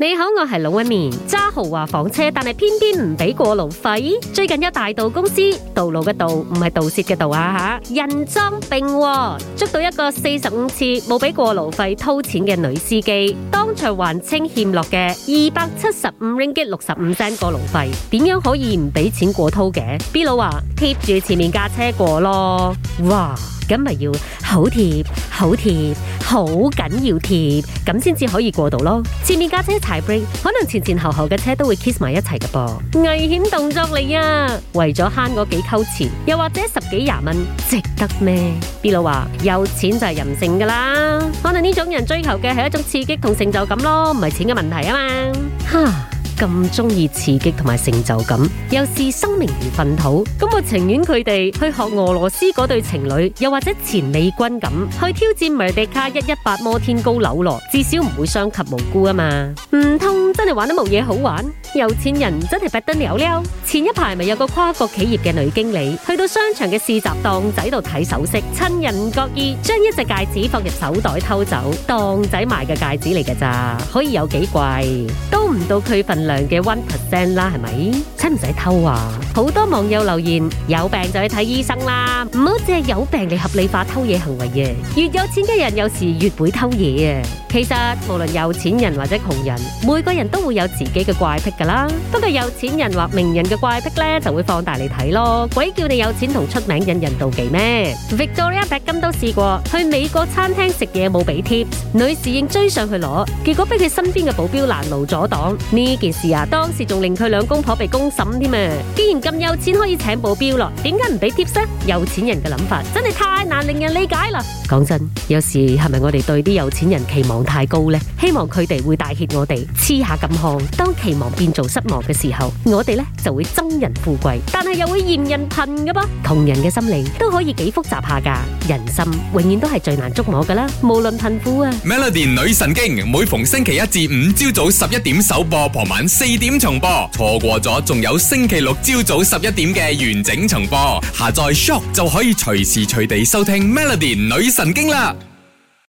你好，我係 Melody，一面揸豪華房車，但係偏偏唔俾過路費。最近有大道公司道路嘅道唔係盜竊嘅盜啊吓，人贓並獲，捉到一個四十五次冇俾過路費掏錢嘅女司機，當場還清欠落嘅二百七十五 ringgit 六十五 cent 過路費。點樣可以唔俾錢過掏嘅？B 佬話貼住前面架車過咯。哇！咁咪要好貼，好貼，好緊要貼，咁先至可以過到咯。前面架車踩 brake，可能前前後後嘅車都會 kiss 埋一齊噶噃，危險動作嚟啊！為咗慳嗰幾嚿錢，又或者十幾廿蚊，值得咩？B 佬話有錢就係任性噶啦，可能呢種人追求嘅係一種刺激同成就感咯，唔係錢嘅問題啊嘛。哈！ 咁中意刺激同埋成就感，又視生命如糞土，咁我情願佢哋去學俄羅斯嗰對情侶，又或者前美軍咁去挑戰梅迪卡一一八摩天高樓咯，至少唔會傷及無辜啊嘛！唔通真係玩得冇嘢好玩？有錢人真係不得了啦！前一排咪有個跨國企業嘅女經理去到商場嘅市集檔仔度睇首飾，趁人唔覺意將一隻戒指放入手袋偷走，檔仔賣嘅戒指嚟㗎咋，可以有幾貴？唔到佢份量嘅 one percent 啦，係咪？使唔使偷啊？好多網友留言：有病就去睇醫生啦，唔好借有病嚟合理化偷嘢行為啊！越有錢嘅人有時越會偷嘢啊！其實無論有錢人或者窮人，每個人都會有自己嘅怪癖噶啦。不過有錢人或名人嘅怪癖呢，就會放大嚟睇咯。鬼叫你有錢同出名引人妒忌咩？Victoria Beckham 都試過，去美國餐廳食嘢冇俾 tips，女侍應追上去攞，結果俾佢身邊嘅保鏢攔路阻擋。呢件事啊，當時仲令佢兩公婆被公審添啊！既然咁有錢可以請保鏢咯，點解唔俾 tips？有錢人嘅諗法真係太難令人理解啦。講真，有時係咪我哋對啲有錢人期望太高咧，希望佢哋會大欠我哋黐下咁寒。當期望變做失望嘅時候，我哋呢就會憎人富貴，但係又會嫌人貧噶噃。同人嘅心理都可以幾複雜下噶，人心永遠都係最難捉摸噶啦。無論貧富啊，Melody 女神經每逢星期一至五朝早十一點首播，傍晚四點重播，錯過咗仲有星期六朝早十一點嘅完整重播。下載 SYOK 就可以隨時隨地收聽 Melody 女神經啦。